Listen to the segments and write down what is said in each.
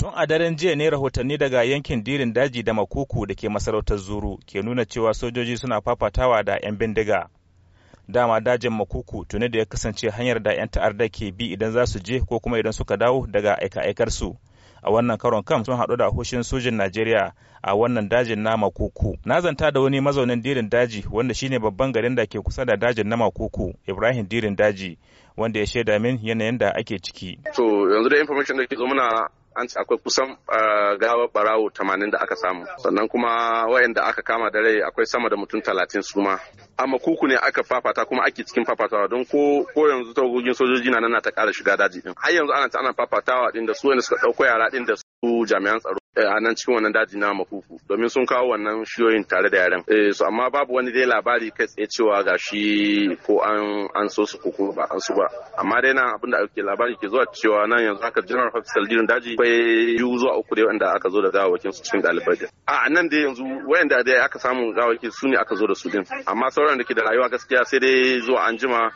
Tun a daren jiya ne rahotanni daga yankin dirin daji da makuku da ke masarautar zuru ke nuna cewa sojoji suna fafatawa da 'yan bindiga. Dama dajin makuku tuni da ya kasance hanyar da 'yan ta'arda ke bi idan za su je ko kuma idan suka dawo daga aika-aikarsu. A wannan karon kam sun haɗu da hushin sojin Najeriya a wannan dajin na makuku. Na zanta da wani mazaunin dirin daji wanda shine babban garin da ke kusa da dajin na makuku Ibrahim dirin daji wanda ya shaida min yanayin da ake ciki. To yanzu da information da ke zo muna an ce akwai kusan ah, gawa barawo tamanin da aka samu sannan kuma wayanda aka kama da rai akwai sama da mutum talatin suma. ma amma kuku ne aka fafata kuma ake cikin fafatawa don ko ko yanzu tagogin sojoji na nan ta ƙara shiga daji din har yanzu ana ta ana fafatawa din da su wanda suka ɗauko yara din da su jami'an tsaro Eh, a nan cikin wannan daji na makuku domin sun kawo wannan shiyoyin tare da yaren eh, su amma babu wani dai labari kai tsaye cewa ga shi ko an an so su kuku ba an su ba amma dai nan abinda ake labari ke zuwa cewa nan yanzu haka general hospital din daji akwai biyu zuwa uku dai wanda aka zo da gawakin su cikin dalibai a nan dai yanzu wayanda dai aka samu gawakin su ne aka zo da su din amma sauran da ke da rayuwa gaskiya sai dai zuwa anjima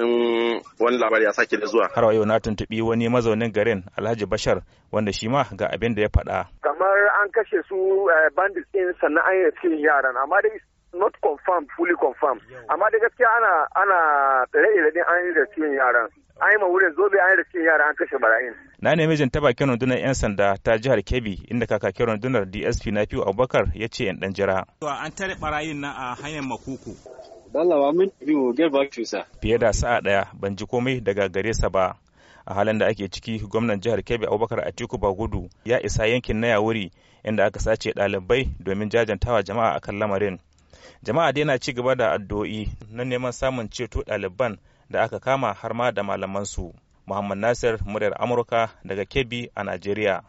in wani labari ya sake da zuwa. Har yau na tuntuɓi wani mazaunin garin Alhaji Bashar wanda shi ma ga abin da ya faɗa. Kamar an kashe su eh, bandits ɗin sannan an yi yaran amma dai not confirmed fully confirmed amma da gaskiya ana ana tsare da din an yi da cikin yaran an yi ma wurin zobe an yi da cikin yaran an kashe bara'in. na nemi mijin ta bakin rundunar 'yan sanda ta jihar kebbi inda kakakin rundunar dsp na fiye abubakar ya ce 'yan dan jira. an tare barayin na a hanyar makuku min biyu get back to Fiye da sa'a ɗaya ban ji komai daga gare sa ba. A halin da ake ciki gwamnan jihar Kebbi Abubakar Atiku Bagudu ya isa yankin na Yawuri inda aka sace ɗalibai domin jajantawa jama'a akan lamarin. Jama'a dai na ci gaba da addu'o'i na neman samun ceto ɗaliban da aka kama har ma da malamansu. Muhammad Nasir, muryar Amurka daga Kebbi a Najeriya.